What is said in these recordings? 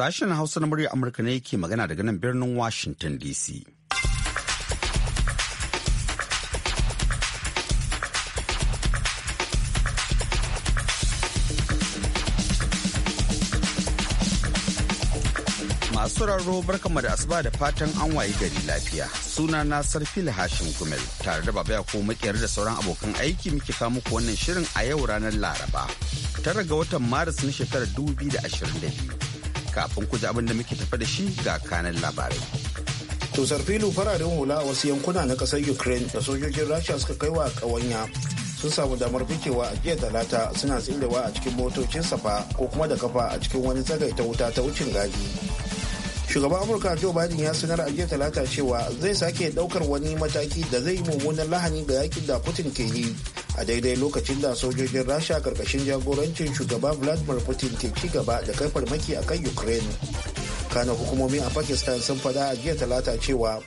Sashen Hausa na murya Amurka ne yake magana daga nan birnin Washington DC. Masu raro barkanmu da asuba da fatan an wayi gari lafiya. Suna na sarfi Hashim Gumel tare da baba ko makiyar da sauran abokan aiki muke kawo muku wannan shirin a yau ranar Laraba. Tara ga watan Maris na shekarar 2022. kafin ku ji abin da muke tafa da shi ga kanan labarai. Tusar filu fararen hula a wasu yankuna na kasar Ukraine da sojojin Rasha suka kai wa ƙawanya sun samu damar fikewa a jiya talata suna tsirewa a cikin motocin safa ko kuma da kafa a cikin wani ta wuta ta wucin gadi. Shugaban Amurka Joe Biden ya sanar a jiya talata cewa zai sake daukar wani mataki da zai yi mummunan lahani ga yakin da Putin ke yi a daidai lokacin da sojojin rasha karkashin jagorancin shugaban vladimir putin ke ci gaba da kai farmaki a kan ukraine kana hukumomi a pakistan sun fada a jiya talata cewa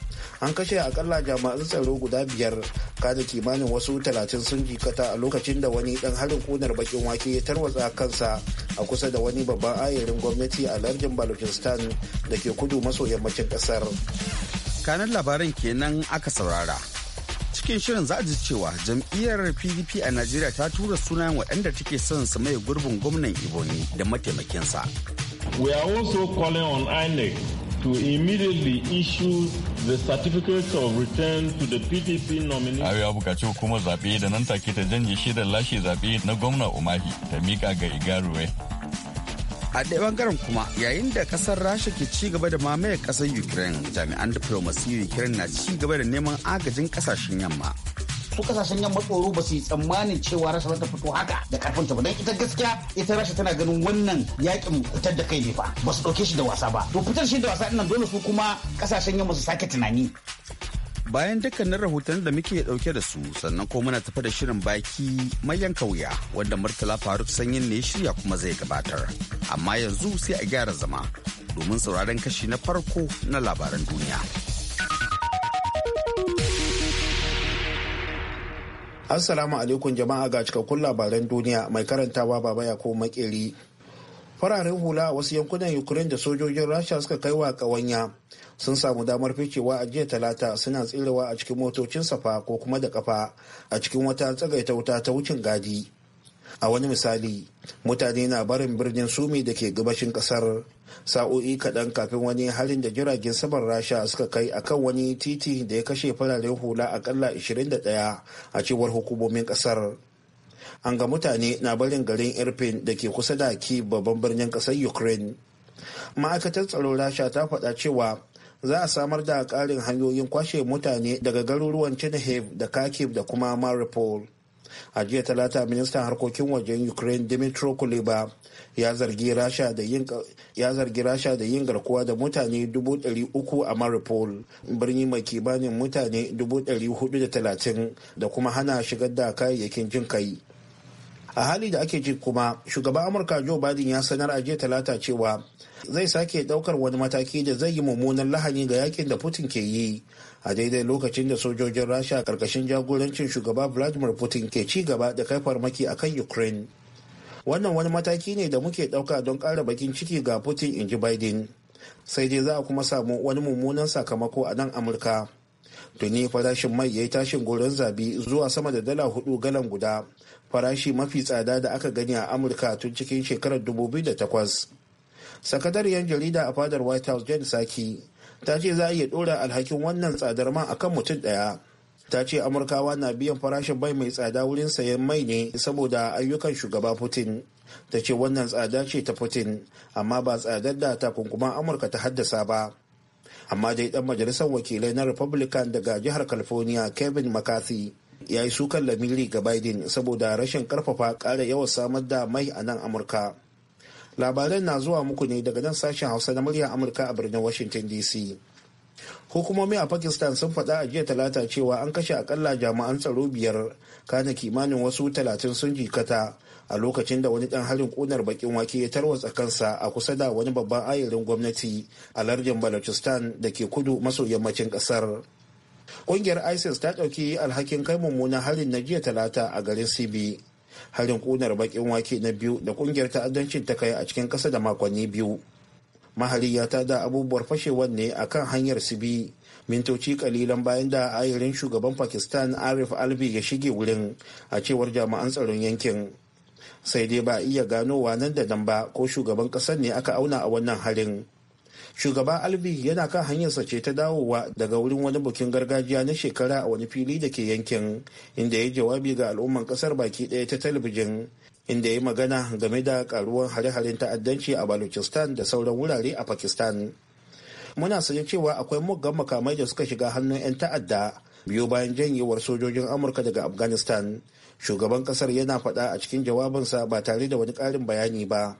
an kashe akalla jami'an tsaro guda biyar kada kimanin wasu talatin sun jikata a lokacin da wani dan harin kunar bakin wake ya tarwatsa kansa a kusa da wani babban ayarin gwamnati a lardin balochistan da ke kudu maso yammacin kasar kanan labaran kenan aka saurara cikin shirin za ji cewa jam'iyyar pdp a najeriya ta tura sunayen waɗanda take son su mai gurbin gwamnan iboni da mataimakinsa we are also calling on inec to immediately issue the certificate of return to the PDP nominee. Ayo ya bukaci hukumar zaɓe da nan take ta janye shaidar lashe zaɓe na gwamna Umahi ta mika ga Igaruwe a ɗaya bangaren kuma yayin da kasar rasha ke ci gaba da mamaye kasar ukraine jami'an diflomasiyyar ukraine na ci gaba da neman agajin kasashen yamma su kasashen yamma tsoro ba su yi tsammanin cewa rasha za ta fito haka da karfin ta ba dan ita gaskiya ita rasha tana ganin wannan yakin fitar da kai ne fa ba su dauke shi da wasa ba to fitar shi da wasa dinnan dole su kuma kasashen yamma su sake tunani bayan dukkanin rahoton da muke dauke da su sannan ko muna tafi da shirin baki mai yanka wuya wanda murtala faruk sanyin ne shirya kuma zai gabatar amma yanzu sai a gyara zama domin sauraron kashi na farko na labaran duniya assalamu alaikum jama'a ga cikakkun labaran duniya mai karantawa baba ya ko makeri fararen hula wasu yankunan ukraine da sojojin rasha suka kai wa kawanya sun samu damar ficewa a jiya talata suna tsirewa a cikin motocin safa ko kuma da kafa a cikin wata tsagaita wuta ta wucin gadi a wani misali mutane na barin birnin sumi da ke gabashin kasar sa'o'i kaɗan kafin wani halin da jiragen saman rasha suka kai akan wani titi da ya kashe fararen hula akalla 21 a cewar hukumomin kasar an ga mutane na barin garin irpin da ke kusa da ki babban birnin ƙasar ukraine ma'aikatar tsaron rasha ta faɗa cewa za a samar da ƙarin hanyoyin kwashe mutane daga garuruwan Chernihiv da Kharkiv da kuma Mariupol. A jiya talata ministan harkokin wajen Ukraine Dmytro Kuleba ya zargi Rasha da yin garkuwa da mutane 300,000 a Mariupol, birni mai kimanin mutane 430 da kuma hana shigar da kayayyakin jin kai. a hali da ake ji kuma shugaban amurka joe biden ya sanar a jiya talata cewa zai sake daukar wani mataki da zai yi mummunan lahani ga yakin da putin ke yi a daidai lokacin da sojojin rasha karkashin jagorancin shugaba vladimir putin ke ci gaba da kai farmaki a kan ukraine wannan wani mataki ne da muke dauka don kara bakin ciki ga putin in ji biden sai dai za a kuma samu wani mummunan sakamako a nan amurka tuni farashin mai ya yi tashin goron zabi zuwa sama da dala hudu galan guda farashi mafi tsada da aka gani a amurka tun cikin shekarar 2008 sakatariyar jarida a fadar white house jen saki ta ce za a iya dora alhakin wannan tsadar man akan mutum daya ta ce amurkawa na biyan farashin bai mai tsada wurin sayan mai ne saboda ayyukan shugaba putin ta ce wannan tsada ce ta putin amma ba tsadar da takunkuman amurka ta haddasa ba amma dai dan majalisar wakilai na republican daga jihar california kevin mccarthy ya yi sukan lamiri ga biden saboda rashin karfafa kara yawan samar da mai a nan amurka labaran na zuwa muku ne daga nan sashen hausa na murya amurka a birnin washington dc hukumomi a pakistan sun faɗa a jiya talata cewa an kashe akalla jami'an tsaro biyar kana kimanin wasu talatin sun jikata a lokacin da wani ɗan harin ƙunar bakin wake ya tarwatsa kansa a kusa da wani babban ayarin gwamnati a lardin balochistan da ke kudu maso yammacin ƙasar ƙungiyar isis ta ɗauki alhakin kai mummunan harin na jiya talata a garin sibi harin kunar bakin wake na biyu da kungiyar ta'addancin ta kai a cikin ƙasa da makonni biyu mahali ya tada abubuwar fashewar ne a kan hanyar sibi mintoci kalilan bayan da ayarin shugaban pakistan arif albi ya shige wurin a cewar jami'an tsaron yankin sai dai ba iya ganowa nan da nan ba ko shugaban ƙasar ne aka auna a wannan harin shugaba albi yana kan hanyarsa ce ta dawowa daga wurin wani bukin gargajiya na shekara a wani fili da ke yankin inda ya jawabi ga al'umman kasar baki daya ta talabijin inda ya magana game da karuwan hare-haren ta'addanci a balochistan da sauran wurare a pakistan muna sanya cewa akwai muggan makamai da suka shiga hannun 'yan ta'adda biyu bayan janyewar sojojin amurka daga afghanistan shugaban kasar yana faɗa a cikin jawabinsa ba tare da wani ƙarin bayani ba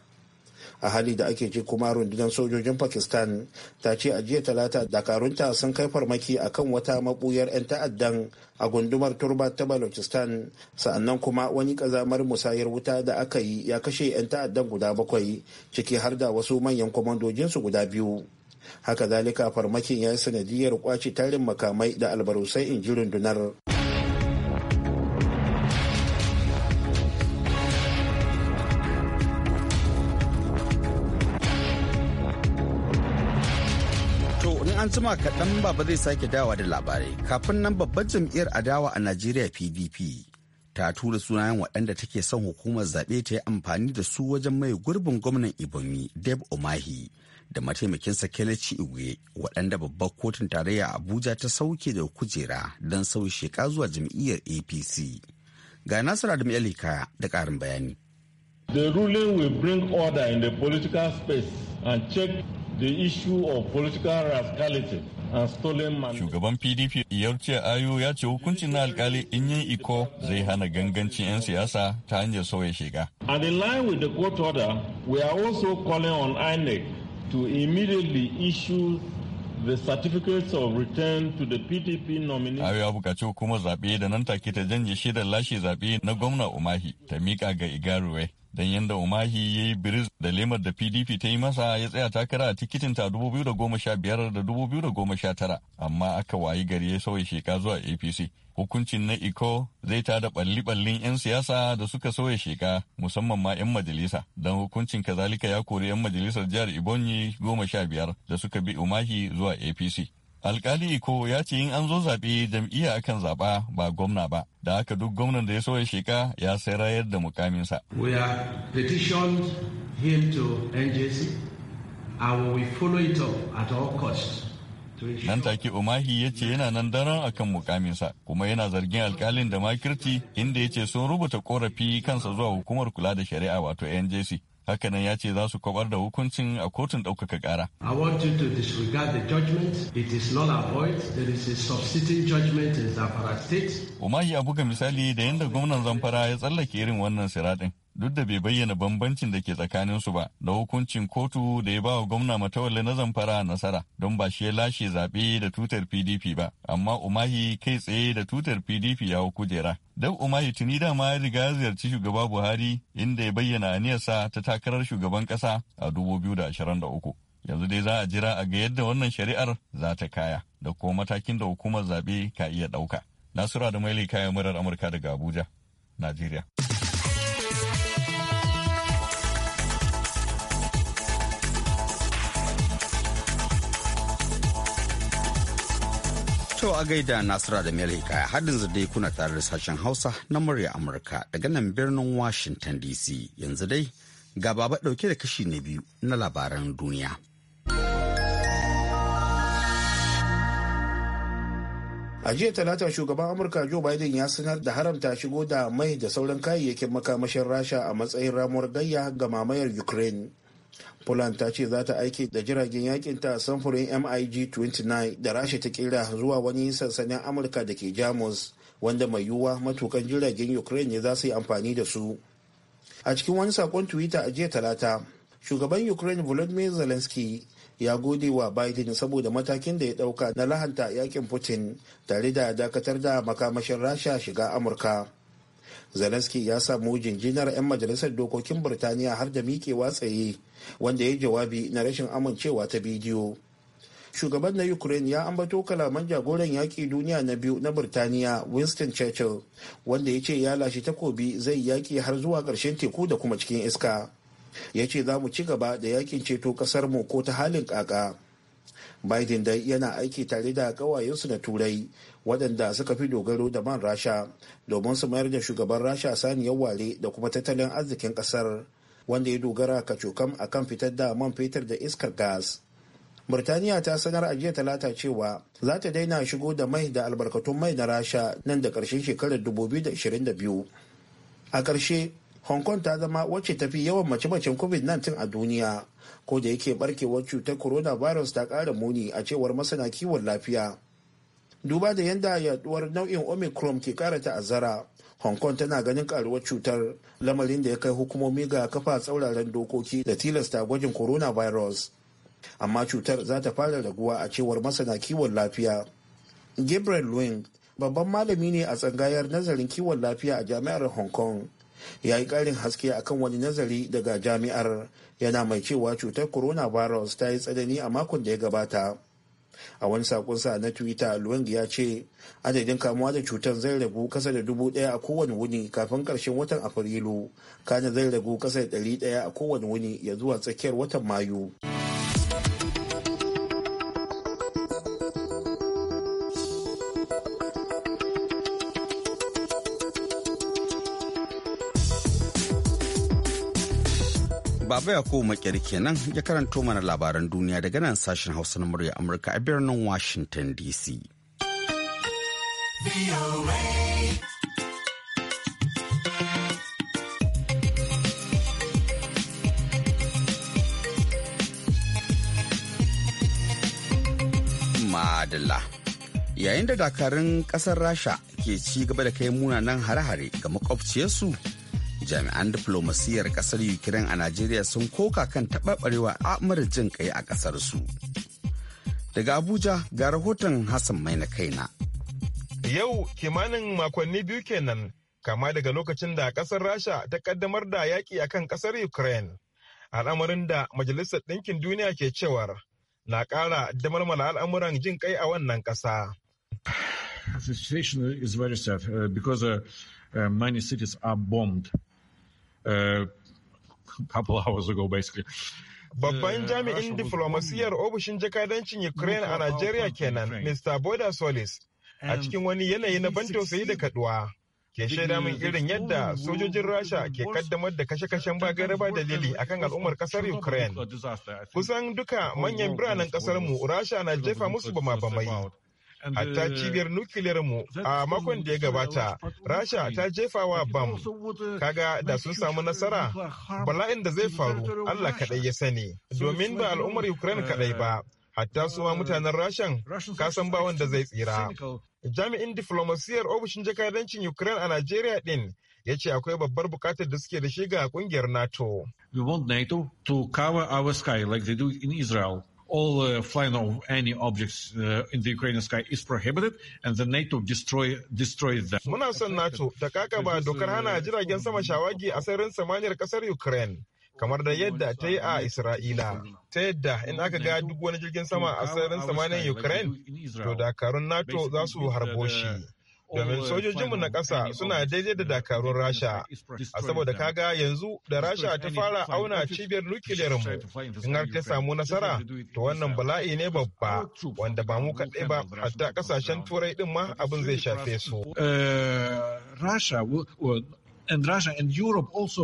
a hali da ake ji kuma rundunar sojojin pakistan ta ce a jiya talata dakarunta sun kai farmaki a kan wata mabuyar 'yan ta'addan a gundumar turba ta balochistan sa'annan kuma wani kazamar musayar wuta da aka yi ya kashe 'yan ta'addan guda bakwai ciki har da wasu manyan kwamandojinsu guda biyu haka zalika farmakin ya yi sanadiyar kwaci tarin makamai da albarusai in ji rundunar jima kaɗan baba zai sake dawa da labarai kafin nan babbar jam'iyyar adawa a najeriya pdp ta tura sunayen waɗanda take son hukumar zaɓe ta yi amfani da su wajen mai gurbin gwamnan ibomi deb omahi da mataimakinsa kelechi igwe waɗanda babbar kotun tarayya abuja ta sauke da kujera don sau sheka zuwa jam'iyyar apc ga nasiru adam elikaya da ƙarin bayani the ruling will bring order in the political space and check the of political Shugaban PDP Yarce Ayo ya ce hukuncin na alkali in yin iko zai hana gangancin 'yan siyasa ta hanyar sauya shiga. And in line with the court order, we are also calling on INEC to immediately issue the certificates of return to the PDP nominee. Ayo ya bukaci hukumar zaɓe da nan take ta janye shaidar lashe zaɓe na gwamna Umahi ta miƙa ga Igaruwe. don yadda umahi ya yi biris da lemar da pdp ta yi masa ya tsaya takara a tikitin ta 2015 da 2019 amma aka wayi gari ya sauya sheka zuwa apc hukuncin na iko zai ta da balli-ballin 'yan siyasa da suka sauya sheka musamman ma 'yan majalisa don hukuncin kazalika ya kori 'yan majalisar jihar ibonyi 15 da suka bi umahi zuwa apc alkali ko ya ce in an zo zaɓe jam'iyya akan zaɓa ba gwamna ba da haka duk gwamnan da ya so ya sheka ya sai rayar da mukaminsa. We are petitioned him to NJC and we follow it up at all costs. Nan take Umahi ya ce yana nan daren akan mukaminsa kuma yana zargin alkalin da makirci inda ya ce sun rubuta korafi kansa zuwa hukumar kula da shari'a wato NJC hakanan ya ce za su kwabar da hukuncin a kotun ɗaukaka ƙara. I want you to disregard the judgment. It is not a void. There is a substituting judgment in Zamfara state. Umahi ya buga misali da yadda gwamnan Zamfara ya tsallake irin wannan siraɗin. duk da bai bayyana bambancin da ke tsakaninsu ba da hukuncin kotu da ya ba wa gwamna matawalle na zamfara nasara don ba shi ya lashe zaɓe da tutar pdp ba amma umahi kai tsaye da tutar pdp ya hau kujera dab umahi tuni dama ya riga ziyarci shugaba buhari inda ya bayyana aniyarsa ta takarar shugaban ƙasa a dubu biyu da uku yanzu dai za a jira a ga yadda wannan shari'ar za ta kaya da kuma matakin da hukumar zaɓe ka iya ɗauka nasura da maili kayan murar amurka daga abuja najeriya To a gaida Nasira da melika Hikaya haddin dai kuna tare da sashen Hausa na murya Amurka daga nan birnin Washington DC yanzu dai ga baba dauke da kashi na biyu na labaran duniya. a jiya talata shugaban amurka joe biden ya sanar da haramta shigo da mai da sauran kayayyakin makamashin rasha a matsayin ramuwar gayya ga mamayar ukraine Poland ta ce za ta aiki da jiragen yakin ta samfurin MiG-29 da Rasha ta kira zuwa wani sansanin Amurka da ke Jamus wanda mai yiwuwa matukan jiragen Ukraine ne za su yi amfani da su. A cikin wani sakon Twitter a jiya talata, shugaban Ukraine Volodymyr Zelensky ya gode wa Biden saboda matakin da ya dauka na lahanta yakin Putin tare da dakatar da makamashin Rasha shiga Amurka. zelensky ya samu jinjinar 'yan majalisar dokokin birtaniya har da miƙewa tsaye wanda ya jawabi na rashin amincewa ta bidiyo shugaban na ukraine ya ambato kalaman jagoran yaƙi duniya na biyu na birtaniya winston churchill wanda ya ce ya lashe takobi zai yaƙi har zuwa ƙarshen teku da kuma cikin iska ya ce za mu ci gaba da yakin ceto ƙasar mu ko ta halin ƙaƙa biden dai yana aiki tare da ƙawayensu na turai waɗanda suka fi dogaro da man rasha domin su mayar da shugaban rasha saniyar ware da kuma tattalin arzikin ƙasar wanda ya dogara ka cokam a kan fitar da man fetur da iskar gas birtaniya ta sanar a jiya talata cewa za ta daina shigo da mai da albarkatun mai na rasha nan da ƙarshen shekarar 2022. A ƙarshe, Hong Kong ta zama wacce ta fi yawan mace-macen COVID-19 a duniya, ko da yake barkewar cutar coronavirus ta ƙara muni a cewar masana kiwon lafiya. duba da yadda yaduwar nau'in omicron ke kara ta'azzara hong kong tana ganin karuwar cutar lamarin da ya kai hukumomi ga kafa tsauraran dokoki da tilasta gwajin coronavirus amma cutar za ta fara raguwa a cewar masana kiwon lafiya gabriel wing babban malami ne a tsangayar nazarin kiwon lafiya a jami'ar hong kong ya yi ƙarin haske akan wani nazari daga jami'ar yana mai cewa cutar coronavirus ta yi tsanani a makon da ya gabata a wani sakonsa na twitter luwang ya ce adadin kamuwa da cutar zai ragu kasa da dubu daya a kowane wuni kafin karshen watan afrilu kana zai ragu kasa da dari daya a kowane wuni ya zuwa tsakiyar watan mayu. Baba ko makyar kenan ya karanto mana labaran duniya daga nan sashen Hausa na murya Amurka a birnin Washington DC. Madala Yayin da dakarun kasar Rasha ke ci gaba da kai munanan hare-hare ga makwabciyarsu jami'an diflomasiyyar kasar ukraine a najeriya sun koka kan taɓarɓarewa amurin jin kai a kasar su daga abuja ga rahoton hassan mai na kaina yau kimanin makonni biyu kenan kama daga lokacin da ƙasar rasha ta ƙaddamar da yaƙi akan ƙasar ukraine al'amarin da majalisar ɗinkin duniya ke cewar na ƙara damarmala al'amuran jin kai a wannan ƙasa. The situation is very sad uh, because uh, uh, many cities are bombed. Uh, couple hours ago basically. Babban uh, jami'in diflomasiyyar ofishin jakadancin Ukraine a Najeriya kenan, Mr. Boda Solis, a cikin wani yanayi na ban tausayi da kaduwa. Ke shaida min irin yadda sojojin Rasha ke kaddamar da kashe-kashen bagaraba dalili kan al'ummar kasar Ukraine. Kusan duka manyan biranen kasar mu Rasha na jefa musu bama-bamai. hatta cibiyar nukiliyar mu a makon da ya gabata rasha ta jefa wa bam kaga da sun samu nasara bala'in da zai faru allah kaɗai ya sani domin ba al'ummar ukraine kaɗai ba hatta su mutanen rashan kasan ba wanda zai tsira jami'in diflomasiyar ofishin jakadancin ukraine a najeriya ɗin ya ce akwai babbar bukatar da suke da shiga ga kungiyar nato we want nato to cover our sky like they do in israel all uh, flying of any objects uh, in the Ukrainian sky is prohibited and the NATO destroy destroys them. Muna son NATO ta kakaba dokar hana jiragen sama shawagi a sararin samaniyar kasar Ukraine. kamar da yadda ta yi a Isra'ila. Ta yadda in aka ga duk wani jirgin sama a sararin samaniyar Ukraine, to dakarun NATO za su harbo shi. domin sojojinmu na ƙasa suna daidai da dakarun rasha a saboda kaga yanzu da rasha ta fara auna cibiyar nukiliyar mu in har ta samu nasara to wannan bala'i ne babba wanda ba mu kaɗai ba hatta ƙasashen turai din ma abin zai shafe su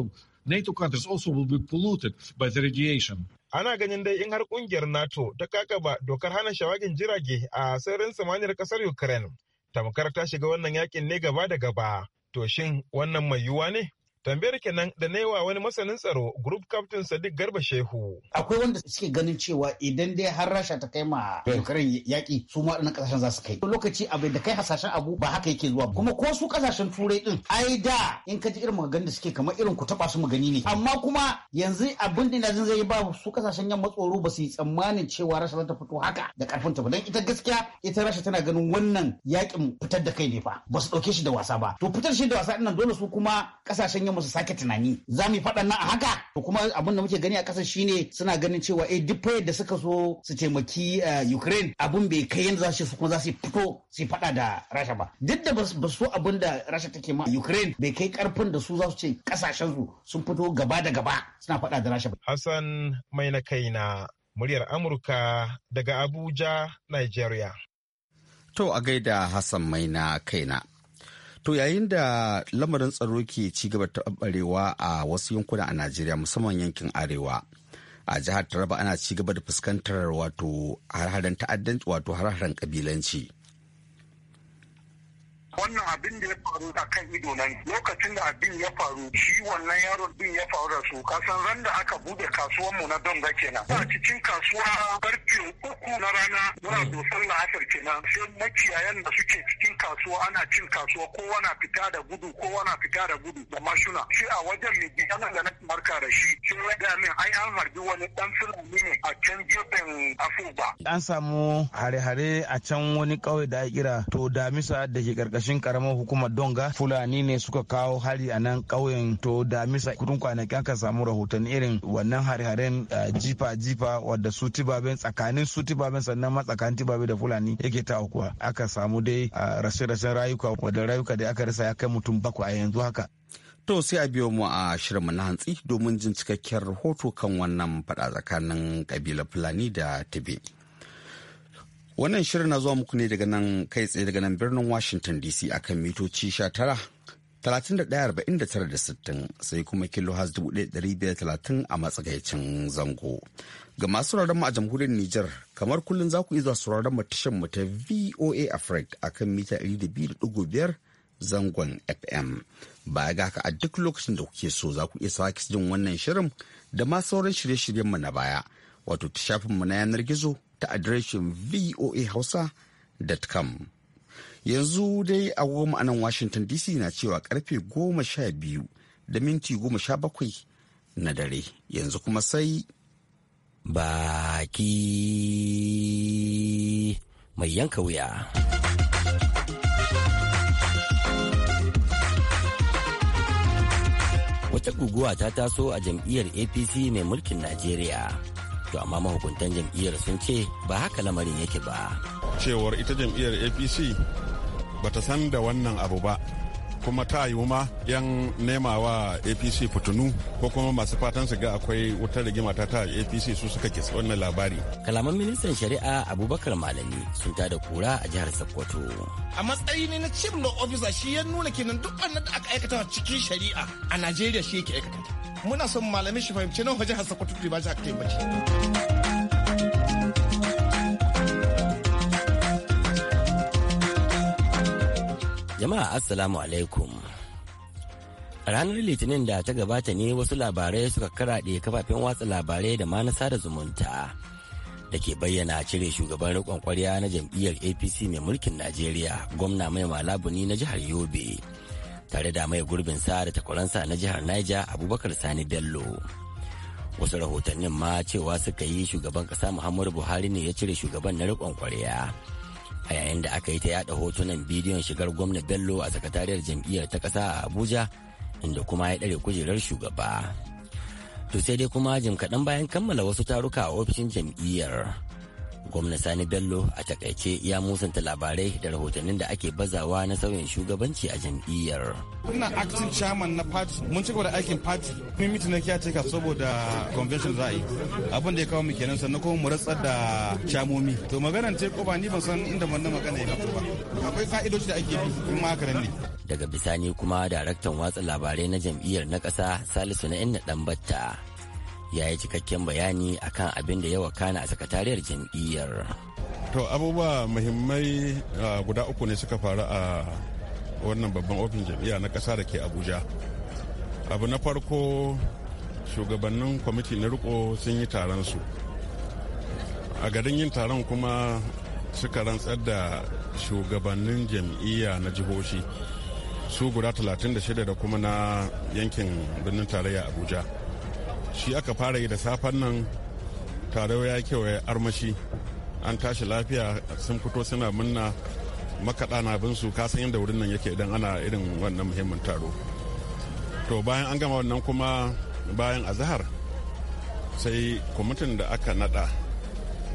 uh, NATO countries also will be Ana ganin dai in har kungiyar NATO ta kakaba dokar hana shawagin jirage a sararin samaniyar kasar Ukraine. tamkar ta shiga wannan yakin ne gaba da gaba to shin wannan mai yiwuwa ne Tambayar kenan da na wa wani masanin tsaro Group Captain Sadiq Garba Shehu. Akwai wanda suke ganin cewa idan dai har Rasha ta kai ma eh. Ukraine yaƙi su ma ɗan ƙasashen za su kai. Lokaci abu da kai hasashen abu ba haka yake zuwa kuma ko su ƙasashen turai ɗin ai da in ka ji irin maganganun da suke kamar irin ku taɓa su magani ne. Amma kuma yanzu abin da na zai ba su ƙasashen yamma tsoro ba su yi tsammanin cewa Rasha za ta fito haka da ƙarfin ta ba dan ita gaskiya ita Rasha tana ganin wannan yaƙin fitar da kai ne fa ba su ɗauke shi da wasa ba. To fitar shi da wasa ɗin dole su kuma ƙasashen yamma kuma su sake tunani za mu yi faɗan nan a haka to kuma abin da muke gani a ƙasar shine suna ganin cewa eh duk fa da suka so su taimaki eh, Ukraine abin bai kai yanda za su kuma za su fito su faɗa da Rasha ba duk da ba su abin da Rasha take ma Ukraine bai kai karfin da su za su ce kasashen su sun fito gaba da gaba suna faɗa da Rasha ba Hassan mai na kaina muryar Amurka daga Abuja Nigeria To a gaida Hassan mai na kaina To yayin da lamarin tsaro ke ci gaba taɓarewa a wasu yankuna a Najeriya musamman yankin Arewa. A jihar Taraba ana ci gaba da fuskantar wato har-haren ta'addanci wato har-haren kabilanci. wannan abin da ya faru a kan ido nan lokacin da abin ya faru shi wannan yaron din ya faru da su kasan ran da aka bude kasuwar mu na donga kenan a cikin kasuwa karfe uku na rana muna dosan la'asar kenan sai makiyayan da suke cikin kasuwa ana cin kasuwa kowa na fita da gudu kowa na fita da gudu da mashuna sai a wajen mai gidan da na marka da shi sai ya ga min ai an harbi wani dan fulani ne a can gefen afuba an samu hare-hare a can wani kauye da ya kira to damisa da ke karkashin karkashin karamar hukumar donga fulani ne suka kawo hari a nan ƙauyen to da misa kudin kwanaki aka samu rahoton irin wannan hare-haren eh, jifa-jifa wadda su tibaben tsakanin su tibaben sannan ma tsakanin tibabe da fulani yake ta hukuwa aka samu dai eh, rashe-rashen rayuka wadda rayuka da aka rasa ya kai mutum bakwai a yanzu haka To sai a biyo mu a shirinmu na hantsi domin jin cikakken rahoto kan wannan fada tsakanin kabilar Fulani da tibet. Wannan shirin na zuwa muku ne daga nan kai tsaye daga nan birnin Washington DC akan mitoci 19,49,60 sai kuma kilo has 1530 a matsakaicin zango. Ga masu sauraron mu a jamhuriyar Nijar, kamar kullum za ku zuwa sauraron mu tashar mu ta VOA Africa akan mita 200.5 zangon FM. Baya ga haka a duk lokacin da kuke so za ku iya sake jin wannan shirin da ma sauran shirye-shiryen mu na baya. Wato ta shafin mu na yanar gizo ta adireshin voahausa.com. Yanzu dai a goma anan Washington DC na cewa karfe goma sha biyu da minti goma sha bakwai na dare. Yanzu kuma sai baki mai yanka wuya. Wata guguwa ta taso a jam'iyyar APC mai mulkin Najeriya. to amma mahukuntan jam'iyyar sun ce ba haka lamarin yake ba cewar ita jam'iyyar apc bata san da wannan abu ba kuma ta yiwu ma yan nema wa apc fitinu ko kuma masu fatan su ga akwai wutar rigima ta ta apc su suka kitsi wannan labari kalaman ministan shari'a abubakar malami sun da kura a jihar sokoto a matsayi ne na chief law officer shi ya nuna kenan duk da aka aikata cikin shari'a a najeriya shi yake aikata muna son malamin shi fahimci nan wajen hasa kwatutu ba shi aka yi Jama'a Assalamu alaikum. Ranar Litinin da ta gabata ne wasu labarai suka karaɗe kafafen watsa labarai da ma na sada zumunta da ke bayyana cire shugaban riƙon kwarya na jam'iyyar APC mai mulkin Najeriya, gwamna mai malabuni na jihar Yobe. tare da mai gurbin sa da takwaransa na jihar Niger Abubakar Sani Bello. Wasu rahotannin ma cewa suka yi shugaban kasa Muhammadu Buhari ne ya cire shugaban na rikon kwarya. A yayin da aka yi ta yada hotunan bidiyon shigar gwamna Bello a sakatariyar jam'iyyar ta kasa a Abuja inda kuma ya dare kujerar shugaba. To sai dai kuma jim kaɗan bayan kammala wasu taruka a ofishin jam'iyyar. gwamna sani bello a takaice ya musanta labarai da rahotannin da ake bazawa na sauyin shugabanci a jam'iyyar ina aktin chairman na party mun ci gaba da aikin party kuma mitin na kiya ce ka saboda convention za a yi abin da ya kawo mu kenan sannan kuma mu rasa da chamomi to maganar ce ko ba ni ban san inda wannan magana ya fito ba akwai fa'idoci da ake bi kuma haka ne daga bisani kuma daraktan watsa labarai na jam'iyyar na ƙasa salisu na inna dan batta ya yi cikakken bayani akan abin da ya wakana a sakatariyar jam'iyyar. To abubuwa muhimmai ah, guda uku ne suka faru a wannan babban ofin jam'iyya na ƙasa da ke Abuja. Abu na farko shugabannin kwamiti na riko sun yi taron su. A garin yin taron kuma suka rantsar da shugabannin jam'iyya na jihohi su guda 36 da kuma na yankin birnin tarayya Abuja. shi aka fara yi da safen nan tare ya kewaye armashi an tashi lafiya sun fito suna munna makaɗa na bin su kasan yadda wurin nan yake idan ana irin wannan muhimmin taro to bayan an gama wannan kuma bayan azahar sai kwamitin da aka nada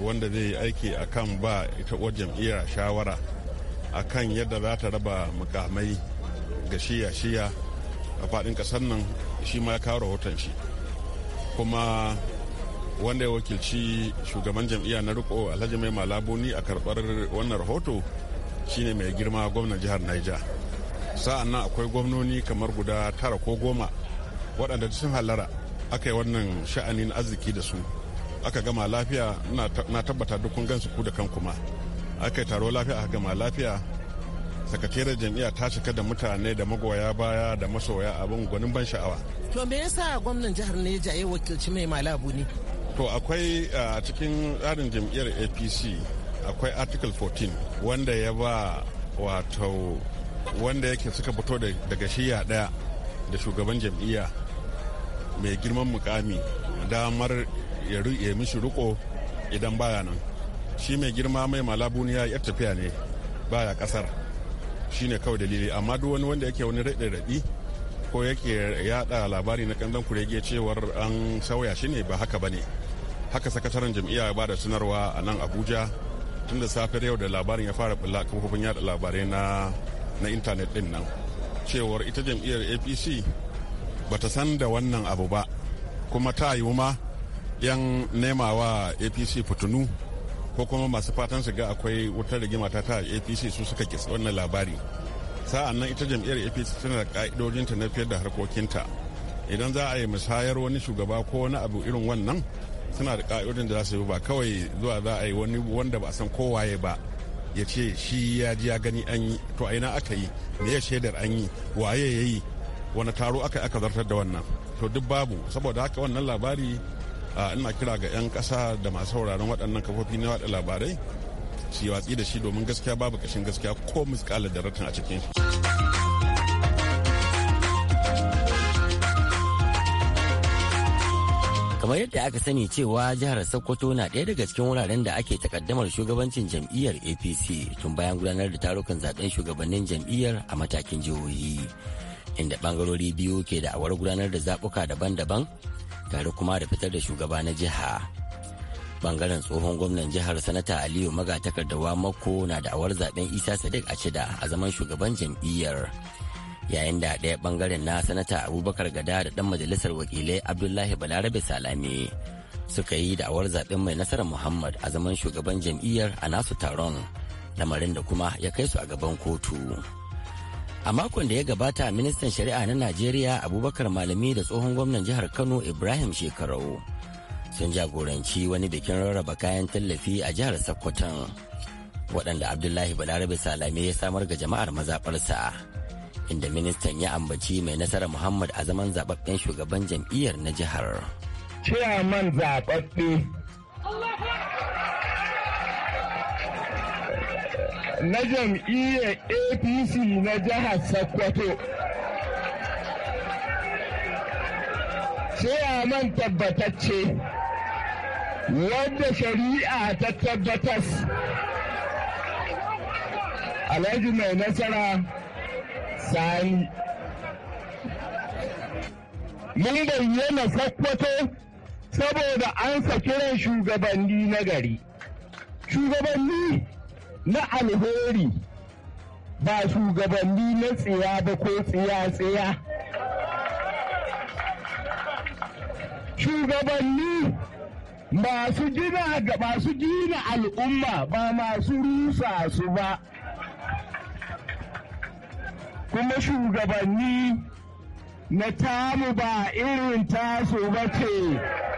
wanda zai aiki a kan ba ita uwar jam'iyya shawara a kan yadda za ta raba mukamai ga shiya-shiya a faɗin ƙasar nan shi ma ya kawo rahoton shi kuma wanda ya wakilci shugaban jam'iyya na riko alhaji mai malabuni a karbar wannan rahoto shine mai girma gwamnan jihar niger sa'an nan akwai gwamnoni kamar guda tara ko goma waɗanda sun halara aka yi wannan sha'anin arziki da su aka gama lafiya na tabbata dukkan gansu ku da kan kuma aka yi taro lafiya aka gama lafiya da jami'a ta cika da mutane da magoya baya da masoya abin gwanin ban sha'awa to me yasa gwamnan jihar neja ya wakilci mai malabu ne to akwai a cikin tsarin jam'iyyar apc akwai article 14 wanda ya ba wato wanda yake suka fito daga shiya daya da shugaban jam'iyya mai girman mukami damar ya mishi riko idan baya nan shi mai girma mai malabuniya ya tafiya ne baya kasar shine kawai dalili amma duk wani wanda yake wani raɗe raɗi ko yake yada labari na kanzon kurege cewar an sauya shi ne ba haka ba ne haka sakataren jam'iyya ba da sanarwa a nan abuja tun da safiyar yau da labarin ya fara bulla kafofin yada labarai na na intanet din nan cewar ita jam'iyyar apc ba ta san da wannan abu ba kuma ta yi ma yan nema wa apc fitinu ko kuma masu fatan su ga akwai wutar rigima ta ta apc su suka kisa wannan labari sa'an nan ita jam'iyyar apc tana da ka'idojinta na fiyar da harkokinta idan za a yi musayar wani shugaba ko wani abu irin wannan suna da ka'idodin da za su yi ba kawai zuwa za a yi wani wanda ba a san kowaye ba ya ce shi ya ji ya gani an yi to aina aka yi me ya shaidar an yi waye ya yi wani taro aka aka zartar da wannan to duk babu saboda haka wannan labari ina kira ga 'yan ƙasa da masu sauraron waɗannan kafofi na waɗa labarai shi watsi da shi domin gaskiya babu kashin gaskiya ko misƙalar da a cikin shi. kamar yadda aka sani cewa jihar sokoto na ɗaya daga cikin wuraren da ake takaddamar shugabancin jam'iyyar apc tun bayan gudanar da tarukan zaɓen shugabannin jam'iyyar a matakin jihohi inda ɓangarori biyu ke da awar gudanar da zaɓuka daban-daban tare kuma da fitar da shugaba na jiha bangaren tsohon gwamnan jihar sanata aliyu magatakardawa mako na da awar zaben isa sadiq a cida a zaman shugaban jam'iyyar yayin da ɗaya bangaren na sanata abubakar gada da ɗan majalisar wakilai abdullahi balarabe salame suka yi da awar zaben mai nasarar muhammad a zaman shugaban jam'iyyar a nasu taron lamarin da kuma ya kai su a gaban kotu. a makon da ya gabata ministan shari'a na najeriya abubakar malami da tsohon gwamnan jihar kano ibrahim shekarau sun jagoranci wani bikin rarraba kayan tallafi a jihar sokoton waɗanda abdullahi balarabe salame ya samar ga jama'ar mazaɓarsa inda ministan ya ambaci mai nasara muhammad a zaman zaɓaɓɓen shugaban jam'iyyar na jihar. zaɓaɓɓe na jam'iyyar apc na jihar sokoto man tabbatacce wadda shari'a ta tabbatas alhaji mai nasara sani mun bayyana Sokoto saboda an sa kiran shugabanni na shugabanni na alheri ba shugabanni na tsiya ba ko tsiya-tsiya. Shugabanni masu gina ga masu gina al'umma ba masu rusa su ba. Kuma shugabanni na tamu ba irin tasu ba ce.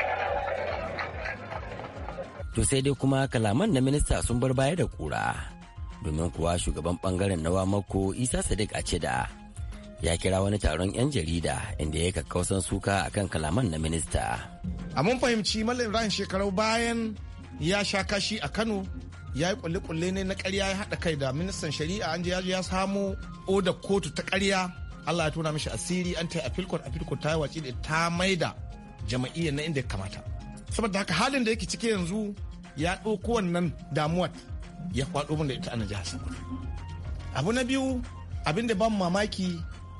to sai dai kuma kalaman na minista sun bar baya da kura domin kuwa shugaban bangaren na wamako isa sadiq a ce da ya kira wani taron 'yan jarida inda ya kakkausan suka akan kalaman na minista a mun fahimci malam ibrahim shekarau bayan ya sha kashi a kano ya yi kulle-kulle ne na karya ya haɗa kai da ministan shari'a an ya ya samu oda kotu ta karya allah ya tona mishi asiri an ta yi a filkon ta yi watsi da ta maida jama'iyyar na inda ya kamata saboda haka halin da yake ciki yanzu ya ɗauko wannan damuwa ya kwaɗo da ita a jihar sokoto abu na biyu abinda da ban mamaki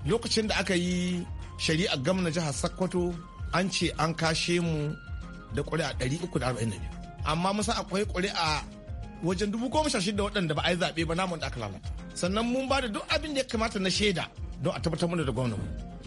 lokacin da aka yi shari'ar gwamnan jihar Sakkwato an ce an kashe mu da ƙuri'a 342 amma musa akwai ƙuri'a wajen dubu goma sha shida waɗanda ba a yi zaɓe ba na da aka lalata sannan mun ba da duk abin da ya kamata na shaida don a tabbatar mana da gwamna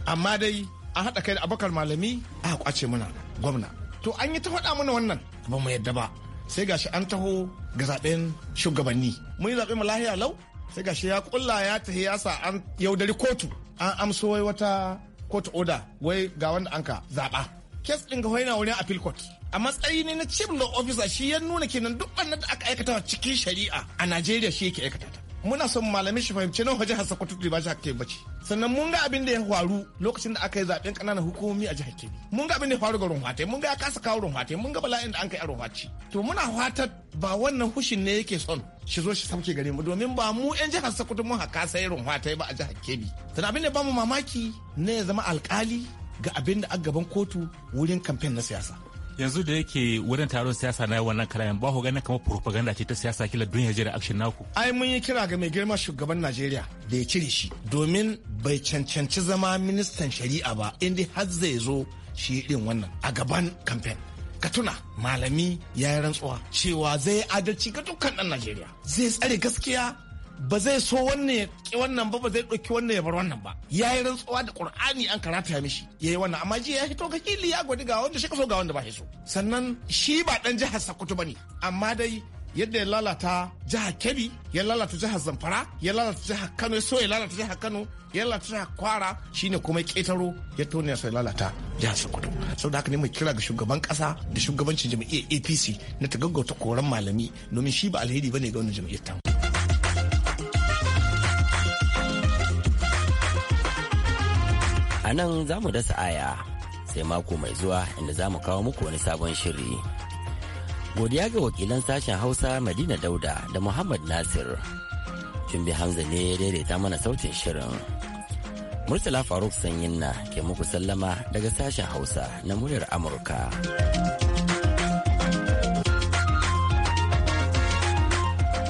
amma dai an haɗa kai da abakar malami aka kwace mana gwamna to an yi ta faɗa mana wannan ba mu yadda ba sai gashi an taho ga zaben shugabanni mun yi zaɓe mu lahiya lau sai gashi ya kulla ya tahi ya sa an yaudari kotu an amso wai wata kotu oda wai ga wanda anka zaɓa kes ɗin ga na wani appeal court a matsayi ne na chief law officer shi ya nuna kenan duk wannan da aka aikata cikin shari'a a Najeriya shi yake aikata ta muna son malamin shi fahimci nan jihar Sokoto ba shi Kebbi bace sannan mun ga abin da ya faru lokacin da aka yi zaɓen kananan hukumomi a jihar Kebbi mun ga abin da ya faru ga Runhwatai mun ga ya kasa kawo Runhwatai mun ga bala'in da an kai a Runhwaci to muna fatar ba wannan hushin ne yake son shi zo shi sauke gare mu domin ba mu yan jihar Sokoto mun haka sai Runhwatai ba a jihar Kebbi sannan abin da ba mu mamaki ne ya zama alkali ga abin da a gaban kotu wurin kamfen na siyasa yanzu da yake wurin taron siyasa na wannan kalayan ba ku ganin kamar propaganda ce ta siyasa kila don ya jira action naku ai mun yi kira ga mai girma shugaban Najeriya da ya cire shi domin bai cancanci zama ministan shari'a ba inda har zai zo shi din wannan a gaban kamfen ka tuna malami ya yi rantsuwa cewa zai adalci ga dukkan ɗan Najeriya zai tsare gaskiya ba zai so wannan ya ki wannan ba ba zai ɗauki wannan ya bar wannan ba ya yi rantsuwa da ƙur'ani an karata ya mishi ya yi wannan amma jiya ya hito ga kili ya gwadi ga wanda shi ka so ga wanda ba shi so sannan shi ba ɗan jihar Sokoto ba ne amma dai yadda ya lalata jihar kebbi ya lalata jihar zamfara ya lalata jihar kano ya so ya lalata jihar kano ya lalata jihar kwara shine kuma ƙetaro ya tone so ya lalata jihar Sau da haka ne mai kira ga shugaban kasa da shugabancin jam'iyyar apc na ta gaggauta koran malami domin shi ba alheri ba ne ga wani jam'iyyar ta. A nan za mu dasa aya sai mako mai zuwa inda za mu kawo muku wani sabon shiri. Godiya ga wakilan sashen Hausa Madina Dauda da Muhammad Nasir. Jumbi Hamza ne ya daidaita mana sautin shirin. Murtala Faruk Sanyinna ke muku sallama daga sashen Hausa na muryar Amurka.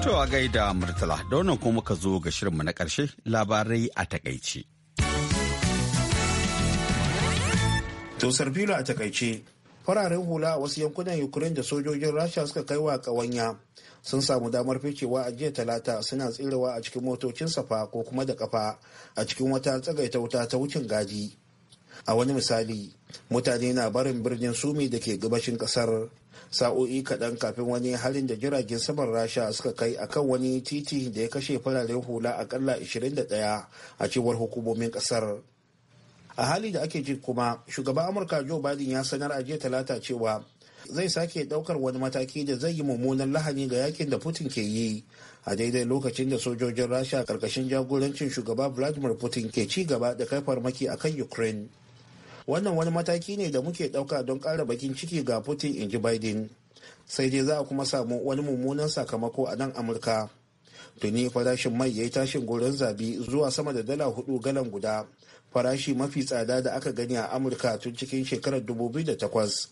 To a gaida Murtala, da wannan kuma muka zo ga shirinmu na ƙarshe labarai a takaici. to filo a takaice fararen hula a wasu yankunan ukraine da sojojin rasha suka kai wa kawanya sun samu damar ficewa a jiya talata suna tsirewa a cikin motocin safa ko kuma da kafa a cikin wata tsagaita wuta ta wucin gadi a wani misali mutane na barin birnin sumi da ke gabashin kasar sa'o'i kaɗan kafin wani halin da jiragen saman rasha suka kai akan wani titi da ya kashe fararen hula akalla 21 a cewar hukumomin kasar a hali da ake ji kuma shugaban amurka joe biden ya sanar a jiya talata cewa zai sake daukar wani mataki da zai yi mummunan lahani ga yakin da putin ke yi a daidai lokacin da sojojin rasha karkashin jagorancin shugaba vladimir putin ke ci gaba da kai farmaki a kan ukraine wannan wani mataki ne da muke dauka don kara bakin ciki ga putin in ji biden sai dai za a kuma samu wani mummunan sakamako a nan amurka tuni farashin mai ya yi tashin gurin zabi zuwa sama da dala hudu galan guda farashi mafi tsada da aka gani a amurka tun cikin shekarar 2008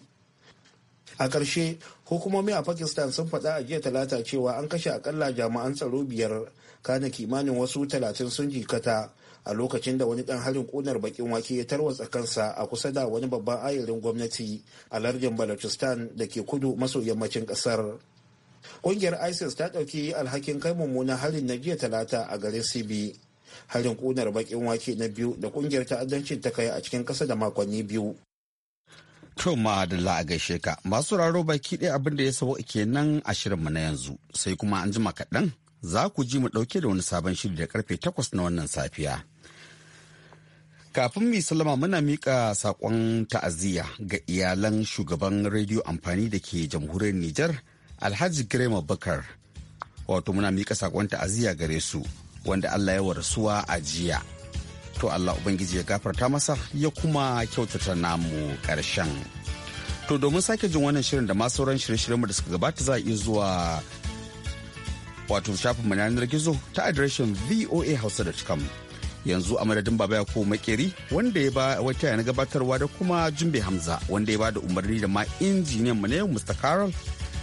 a ƙarshe hukumomi a pakistan sun faɗa a jiya talata cewa an kashe aƙalla jami'an tsaro biyar kana kimanin wasu talatin sun jikata a lokacin da wani ɗan harin ƙunar bakin wake ya tarwatsa kansa a kusa da wani babban ayarin gwamnati a lardin balochistan da ke kudu maso yammacin ƙasar ƙungiyar isis ta ɗauki alhakin kai mummunan harin na jiya talata a garin sibi harin kunar bakin wake na biyu da kungiyar ta'addancin ta kai a cikin kasa da makonni biyu To ma da a gaishe ka masu raro baki ɗaya abin da ya sabo kenan a shirinmu na yanzu sai kuma an jima kaɗan za ku ji mu ɗauke da wani sabon shiri da karfe takwas na wannan safiya. Kafin mai salama muna miƙa saƙon ta'aziyya ga iyalan shugaban rediyo amfani da ke jamhuriyar Nijar Alhaji Girma Bakar. Wato muna miƙa sakon ta'aziyya gare su wanda Allah ya warsuwa a jiya. To Allah Ubangiji ya gafarta masa ya kuma kyautata namu karshen. To domin sake jin wannan shirin da ma sauran shirye-shiryenmu da suka gabata za a iya zuwa wato shafinmu na yanar gizo ta adireshin voahausa.com. yanzu a madadin baba ya ko makeri wanda ya ba wata na gabatarwa da kuma jumbe hamza wanda ya ba da umarni da ma injiniyan mu ne mr carol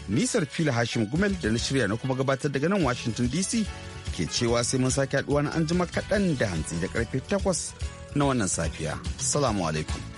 nisar fila hashim gumel da na shirya na kuma gabatar daga nan washington dc ke cewa sai mun sake haduwa na anjima kaɗan da hantsi da karfe takwas na wannan safiya. Salamu alaikum.